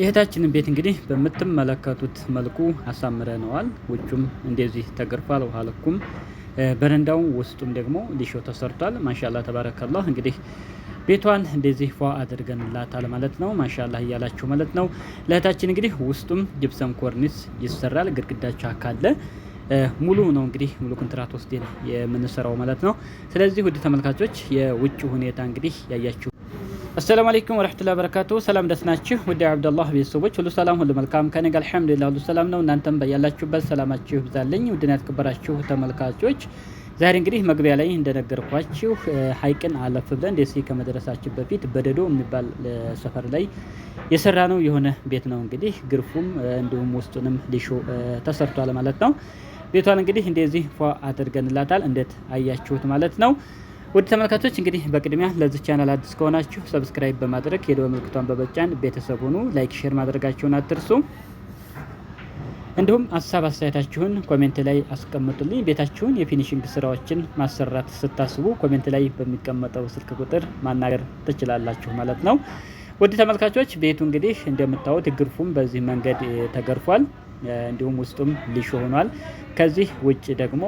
የእህታችንን ቤት እንግዲህ በምትመለከቱት መልኩ አሳምረነዋል። ውጩም እንደዚህ ተገርፏል። ውሃ ልኩም በረንዳው ውስጡም ደግሞ ሊሾ ተሰርቷል። ማሻላ ተባረከላህ እንግዲህ ቤቷን እንደዚህ ፏ አድርገንላታል ማለት ነው። ማሻላህ እያላችሁ ማለት ነው። ለእህታችን እንግዲህ ውስጡም ጅብሰም ኮርኒስ ይሰራል። ግድግዳቻ ካለ ሙሉ ነው እንግዲህ ሙሉ ኮንትራት ወስደን የምንሰራው ማለት ነው። ስለዚህ ውድ ተመልካቾች የውጭ ሁኔታ እንግዲህ ያያችሁ አሰላሙ አለይኩም ወረህመቱላሂ በረካቱ። ሰላም ደስ ናችሁ ውድ አብደላህ ቤተሰቦች ሁሉ ሰላም ሁሉ መልካም ከኔ ጋር አልሐምዱሊላህ ሁሉ ሰላም ነው። እናንተም በያላችሁበት ሰላማችሁ ይብዛልኝ። ውድና ያትከበራችሁ ተመልካቾች ዛሬ እንግዲህ መግቢያ ላይ እንደነገርኳችሁ ሀይቅን አለፍ ብለን ደሴ ከመድረሳችን በፊት በደዶ የሚባል ሰፈር ላይ የሰራ ነው የሆነ ቤት ነው እንግዲህ ግርፉም እንዲሁም ውስጡንም ሊሾ ተሰርቷል ማለት ነው። ቤቷን እንግዲህ እንደዚህ ፏ አድርገንላታል። እንዴት አያችሁት ማለት ነው። ውድ ተመልካቾች እንግዲህ በቅድሚያ ለዚህ ቻናል አዲስ ከሆናችሁ ሰብስክራይብ በማድረግ የደወል ምልክቷን በመጫን ቤተሰብ ሁኑ። ላይክ፣ ሼር ማድረጋችሁን አትርሱ። እንዲሁም ሀሳብ አስተያየታችሁን ኮሜንት ላይ አስቀምጡልኝ። ቤታችሁን የፊኒሽንግ ስራዎችን ማሰራት ስታስቡ ኮሜንት ላይ በሚቀመጠው ስልክ ቁጥር ማናገር ትችላላችሁ ማለት ነው። ውድ ተመልካቾች ቤቱ እንግዲህ እንደምታዩት ግርፉም በዚህ መንገድ ተገርፏል። እንዲሁም ውስጡም ሊሾ ሆኗል። ከዚህ ውጭ ደግሞ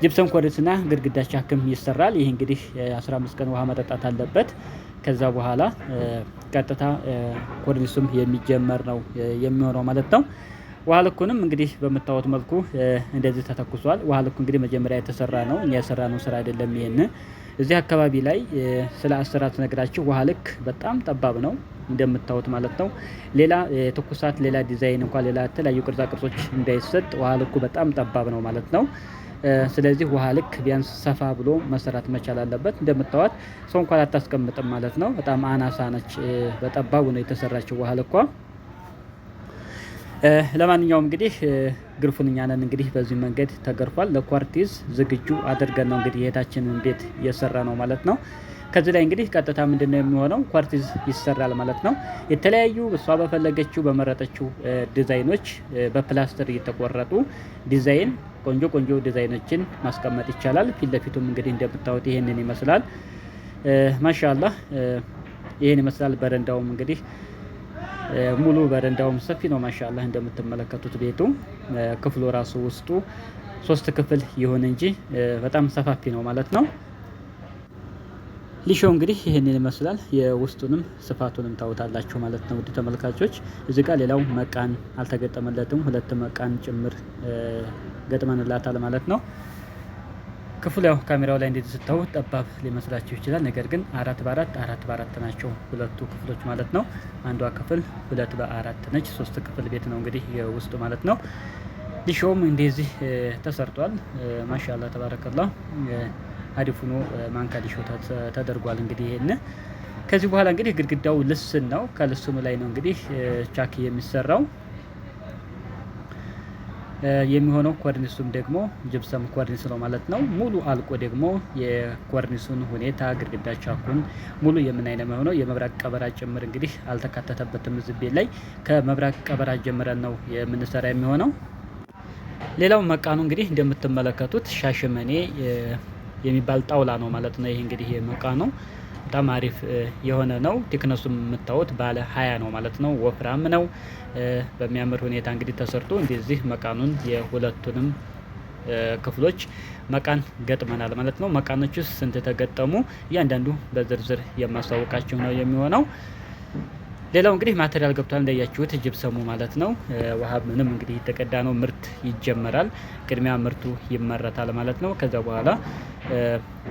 ጅብሰም ኮርኒስና ግድግዳ ቻክም ይሰራል። ይህ እንግዲህ 15 ቀን ውሃ መጠጣት አለበት። ከዛ በኋላ ቀጥታ ኮርኒሱም የሚጀመር ነው የሚሆነው ማለት ነው። ውሃ ልኩንም እንግዲህ በምታዩት መልኩ እንደዚህ ተተኩሷል። ውሃ ልኩ እንግዲህ መጀመሪያ የተሰራ ነው፣ እኛ የሰራ ነው ስራ አይደለም። ይህን እዚህ አካባቢ ላይ ስለ አሰራት ስነግራችሁ ውሃ ልክ በጣም ጠባብ ነው እንደምታዩት ማለት ነው። ሌላ ትኩሳት፣ ሌላ ዲዛይን እንኳ ሌላ የተለያዩ ቅርጻ ቅርጾች እንዳይሰጥ ውሃ ልኩ በጣም ጠባብ ነው ማለት ነው። ስለዚህ ውሃ ልክ ቢያንስ ሰፋ ብሎ መሰራት መቻል አለበት። እንደምታዋት ሰው እንኳ አታስቀምጥም ማለት ነው። በጣም አናሳ ነች። በጠባቡ ነው የተሰራችው ውሃ ልኳ። ለማንኛውም እንግዲህ ግርፉን እንግዲህ በዚህ መንገድ ተገርፏል። ለኳርቲዝ ዝግጁ አድርገን ነው እንግዲህ የታችንን ቤት እየሰራ ነው ማለት ነው። ከዚህ ላይ እንግዲህ ቀጥታ ምንድን ነው የሚሆነው ኳርቲዝ ይሰራል ማለት ነው። የተለያዩ እሷ በፈለገችው በመረጠችው ዲዛይኖች በፕላስተር እየተቆረጡ ዲዛይን ቆንጆ ቆንጆ ዲዛይኖችን ማስቀመጥ ይቻላል። ፊት ለፊቱም እንግዲህ እንደምታዩት ይህንን ይመስላል። ማሻላ ይህን ይመስላል። በረንዳውም እንግዲህ ሙሉ በረንዳውም ሰፊ ነው። ማሻላ እንደምትመለከቱት ቤቱ ክፍሉ ራሱ ውስጡ ሶስት ክፍል ይሁን እንጂ በጣም ሰፋፊ ነው ማለት ነው። ሊሾ እንግዲህ ይህንን ይመስላል። የውስጡንም ስፋቱንም ታውታላችሁ ማለት ነው። ውድ ተመልካቾች እዚ ጋር ሌላው መቃን አልተገጠመለትም። ሁለት መቃን ጭምር ገጥመንላታል ማለት ነው። ክፍል ያው ካሜራው ላይ እንዴት ስታዩት ጠባብ ሊመስላችሁ ይችላል። ነገር ግን አራት በአራት አራት በአራት ናቸው ሁለቱ ክፍሎች ማለት ነው። አንዷ ክፍል ሁለት በአራት ነች። ሶስት ክፍል ቤት ነው እንግዲህ የውስጡ ማለት ነው። ሊሾም እንደዚህ ተሰርቷል። ማሻላ ተባረከላ አሪፍ ሆኖ ማንካ ሊሾ ተደርጓል። እንግዲህ ይሄን ከዚህ በኋላ እንግዲህ ግድግዳው ልስን ነው። ከልስኑ ላይ ነው እንግዲህ ቻክ የሚሰራው የሚሆነው ኮርኒሱም ደግሞ ጅብሰም ኮርኒስ ነው ማለት ነው። ሙሉ አልቆ ደግሞ የኮርኒሱን ሁኔታ ግድግዳ ቻኩን ሙሉ የምን አይነት የሆነው የመብራት ቀበራ ጭምር እንግዲህ አልተካተተበትም። ዝቤ ላይ ከመብራት ቀበራ ጀምረን ነው የምንሰራ የሚሆነው። ሌላው መቃኑ እንግዲህ እንደምትመለከቱት ሻሸመኔ የሚባል ጣውላ ነው ማለት ነው። ይህ እንግዲህ መቃኑ በጣም አሪፍ የሆነ ነው። ቲክነሱ የምታዩት ባለ ሀያ ነው ማለት ነው። ወፍራም ነው። በሚያምር ሁኔታ እንግዲህ ተሰርቶ እንደዚህ መቃኑን የሁለቱንም ክፍሎች መቃን ገጥመናል ማለት ነው። መቃኖች ውስጥ ስንት ተገጠሙ እያንዳንዱ በዝርዝር የማስታወቃቸው ነው የሚሆነው። ሌላው እንግዲህ ማቴሪያል ገብቷል እንዳያችሁት ጅብሰሙ ማለት ነው። ውሃ ምንም እንግዲህ የተቀዳ ነው። ምርት ይጀመራል። ቅድሚያ ምርቱ ይመረታል ማለት ነው። ከዛ በኋላ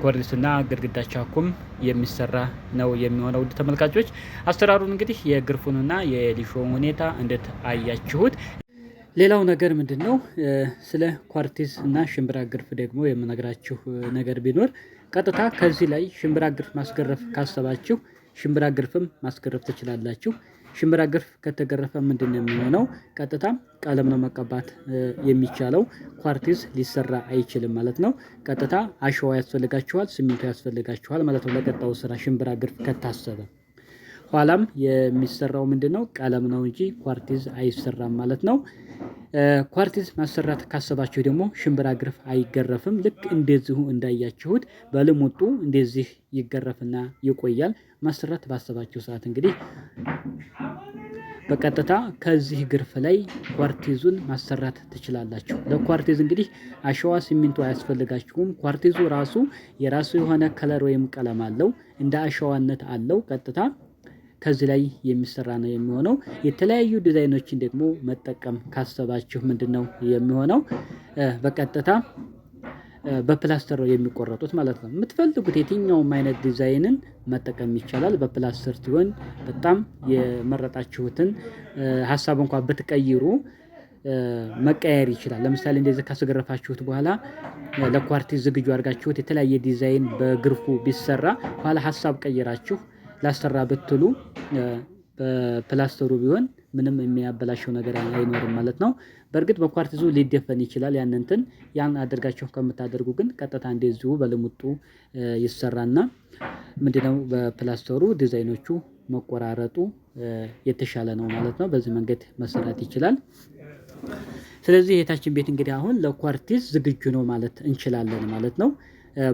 ኮርኒሱና ግድግዳ ቻኩም የሚሰራ ነው የሚሆነው። ውድ ተመልካቾች አሰራሩን እንግዲህ የግርፉንና የሊሾን ሁኔታ እንዴት አያችሁት? ሌላው ነገር ምንድን ነው? ስለ ኳርቲዝ እና ሽምብራ ግርፍ ደግሞ የምነግራችሁ ነገር ቢኖር ቀጥታ ከዚህ ላይ ሽምብራ ግርፍ ማስገረፍ ካሰባችሁ ሽምብራ ግርፍም ማስገረፍ ትችላላችሁ። ሽምብራ ግርፍ ከተገረፈ ምንድን ነው የሚሆነው? ቀጥታ ቀለም ነው መቀባት የሚቻለው። ኳርቲዝ ሊሰራ አይችልም ማለት ነው። ቀጥታ አሸዋ ያስፈልጋችኋል፣ ሲሚንቶ ያስፈልጋችኋል ማለት ነው። ለቀጣው ስራ ሽምብራ ግርፍ ከታሰበ ኋላም የሚሰራው ምንድን ነው? ቀለም ነው እንጂ ኳርቲዝ አይሰራም ማለት ነው። ኳርቲዝ ማሰራት ካሰባችሁ ደግሞ ሽምብራ ግርፍ አይገረፍም። ልክ እንደዚሁ እንዳያችሁት በልሙጡ እንደዚህ ይገረፍና ይቆያል። ማሰራት ባሰባችሁ ሰዓት እንግዲህ በቀጥታ ከዚህ ግርፍ ላይ ኳርቲዙን ማሰራት ትችላላችሁ። ለኳርቲዝ እንግዲህ አሸዋ፣ ሲሚንቶ አያስፈልጋችሁም። ኳርቲዙ ራሱ የራሱ የሆነ ከለር ወይም ቀለም አለው። እንደ አሸዋነት አለው ቀጥታ ከዚህ ላይ የሚሰራ ነው የሚሆነው። የተለያዩ ዲዛይኖችን ደግሞ መጠቀም ካሰባችሁ ምንድን ነው የሚሆነው በቀጥታ በፕላስተር ነው የሚቆረጡት ማለት ነው። የምትፈልጉት የትኛውም አይነት ዲዛይንን መጠቀም ይቻላል። በፕላስተር ሲሆን በጣም የመረጣችሁትን ሀሳብ እንኳ ብትቀይሩ መቀየር ይችላል። ለምሳሌ እንደዚህ ካስገረፋችሁት በኋላ ለኳርቲዝ ዝግጁ አድርጋችሁት የተለያየ ዲዛይን በግርፉ ቢሰራ በኋላ ሀሳብ ቀይራችሁ ላሰራ ብትሉ በፕላስተሩ ቢሆን ምንም የሚያበላሸው ነገር አይኖርም ማለት ነው። በእርግጥ በኳርቲዙ ሊደፈን ይችላል። ያንንትን ያን አድርጋችሁ ከምታደርጉ ግን ቀጥታ እንደዚሁ በልሙጡ ይሰራና ምንድነው በፕላስተሩ ዲዛይኖቹ መቆራረጡ የተሻለ ነው ማለት ነው። በዚህ መንገድ መሰራት ይችላል። ስለዚህ የታችን ቤት እንግዲህ አሁን ለኳርቲዝ ዝግጁ ነው ማለት እንችላለን ማለት ነው።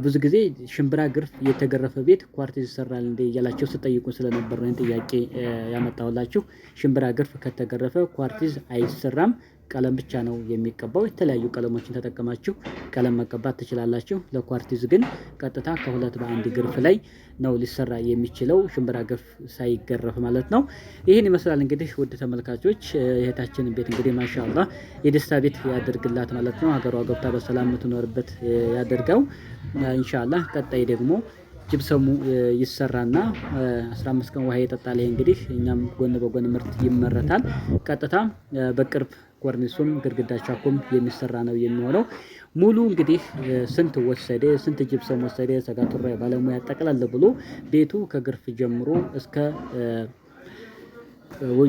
ብዙ ጊዜ ሽምብራ ግርፍ የተገረፈ ቤት ኳርቲዝ ይሰራል እንዴ እያላቸው ስጠይቁን ስለነበረን ጥያቄ ያመጣሁላችሁ። ሽምብራ ግርፍ ከተገረፈ ኳርቲዝ አይሰራም። ቀለም ብቻ ነው የሚቀባው። የተለያዩ ቀለሞችን ተጠቀማችሁ ቀለም መቀባት ትችላላችሁ። ለኳርቲዝ ግን ቀጥታ ከሁለት በአንድ ግርፍ ላይ ነው ሊሰራ የሚችለው ሽምብራ ገፍ ሳይገረፍ ማለት ነው። ይህን ይመስላል እንግዲህ ውድ ተመልካቾች እህታችንን ቤት እንግዲህ ማሻላ የደስታ ቤት ያደርግላት ማለት ነው። ሀገሯ ገብታ በሰላም የምትኖርበት ያደርገው እንሻላ። ቀጣይ ደግሞ ጅብሰሙ ይሰራና 15 ቀን ውሃ ይጠጣል። ይሄ እንግዲህ እኛም ጎን በጎን ምርት ይመረታል። ቀጥታ በቅርብ ኮርኒሱም ግድግዳ ቻኩም የሚሰራ ነው የሚሆነው። ሙሉ እንግዲህ ስንት ወሰደ፣ ስንት ጅብሰም ወሰደ፣ ሰጋቱራ ባለሙያ ጠቅላላ ብሎ ቤቱ ከግርፍ ጀምሮ እስከ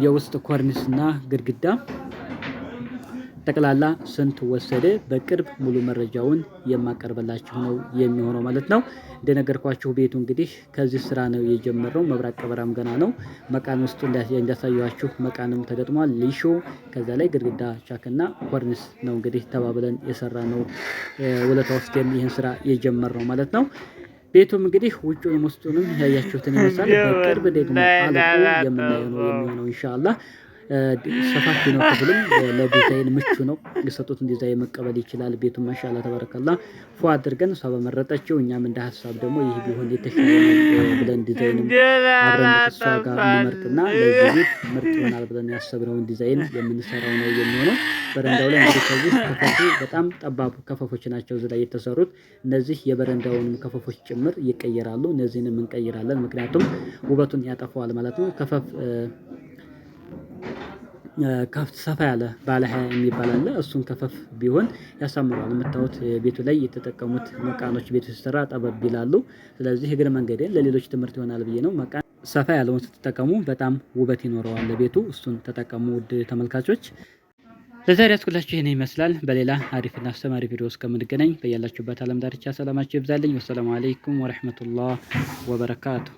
የውስጥ ኮርኒስና ግድግዳ ጠቅላላ ስንት ወሰደ? በቅርብ ሙሉ መረጃውን የማቀርበላችሁ ነው የሚሆነው ማለት ነው። እንደነገርኳችሁ ቤቱ እንግዲህ ከዚህ ስራ ነው የጀመረው። መብራት ቀበራም ገና ነው። መቃን ውስጡ እንዳሳያችሁ መቃንም ተገጥሟል። ሊሾ፣ ከዛ ላይ ግድግዳ ቻክና ኮርኒስ ነው እንግዲህ ተባብለን የሰራ ነው። ውለታ ውስጥ ይህን ስራ ነው ማለት ነው። ቤቱም እንግዲህ ውጭ ውስጡንም ያያችሁትን ይመስላል። በቅርብ ደግሞ አልቆ የምናየው ነው የሚሆነው ኢንሻአላህ። ሰፋፊ ነው ክፍልም ለዲዛይን ምቹ ነው። የሰጡትን ዲዛይን መቀበል ይችላል። ቤቱ ማሻላ ተባረከላ ፎ አድርገን እሷ በመረጠችው እኛም እንደ ሀሳብ ደግሞ ይህ ቢሆን የተሻለ ብለን ዲዛይን አብረን እሷ ጋር እንመርጥና ለዚህ ቤት ምርጥ ይሆናል ብለን ያሰብነውን ዲዛይን የምንሰራው ነው የሚሆነው። በረንዳው ላይ እንግዲህ ከዚህ ከፈፉ በጣም ጠባብ ከፈፎች ናቸው እዚህ ላይ የተሰሩት። እነዚህ የበረንዳውንም ከፈፎች ጭምር ይቀየራሉ። እነዚህንም እንቀይራለን፣ ምክንያቱም ውበቱን ያጠፋዋል ማለት ነው። ከፈፍ ከፍት ሰፋ ያለ ባለ ሀያ የሚባል አለ። እሱን ከፈፍ ቢሆን ያሳምረዋል። የምታዩት ቤቱ ላይ የተጠቀሙት መቃኖች ቤቱ ሲሰራ ጠበብ ይላሉ። ስለዚህ እግረ መንገዴን ለሌሎች ትምህርት ይሆናል ብዬ ነው። መቃን ሰፋ ያለውን ስትጠቀሙ በጣም ውበት ይኖረዋል ለቤቱ። እሱን ተጠቀሙ ውድ ተመልካቾች። ለዛሬ ያስኩላችሁ ይህን ይመስላል። በሌላ አሪፍና አስተማሪ ቪዲዮ እስከምንገናኝ በያላችሁበት አለም ዳርቻ ሰላማችሁ ይብዛልኝ። ወሰላሙ አለይኩም ወረህመቱላህ ወበረካቱ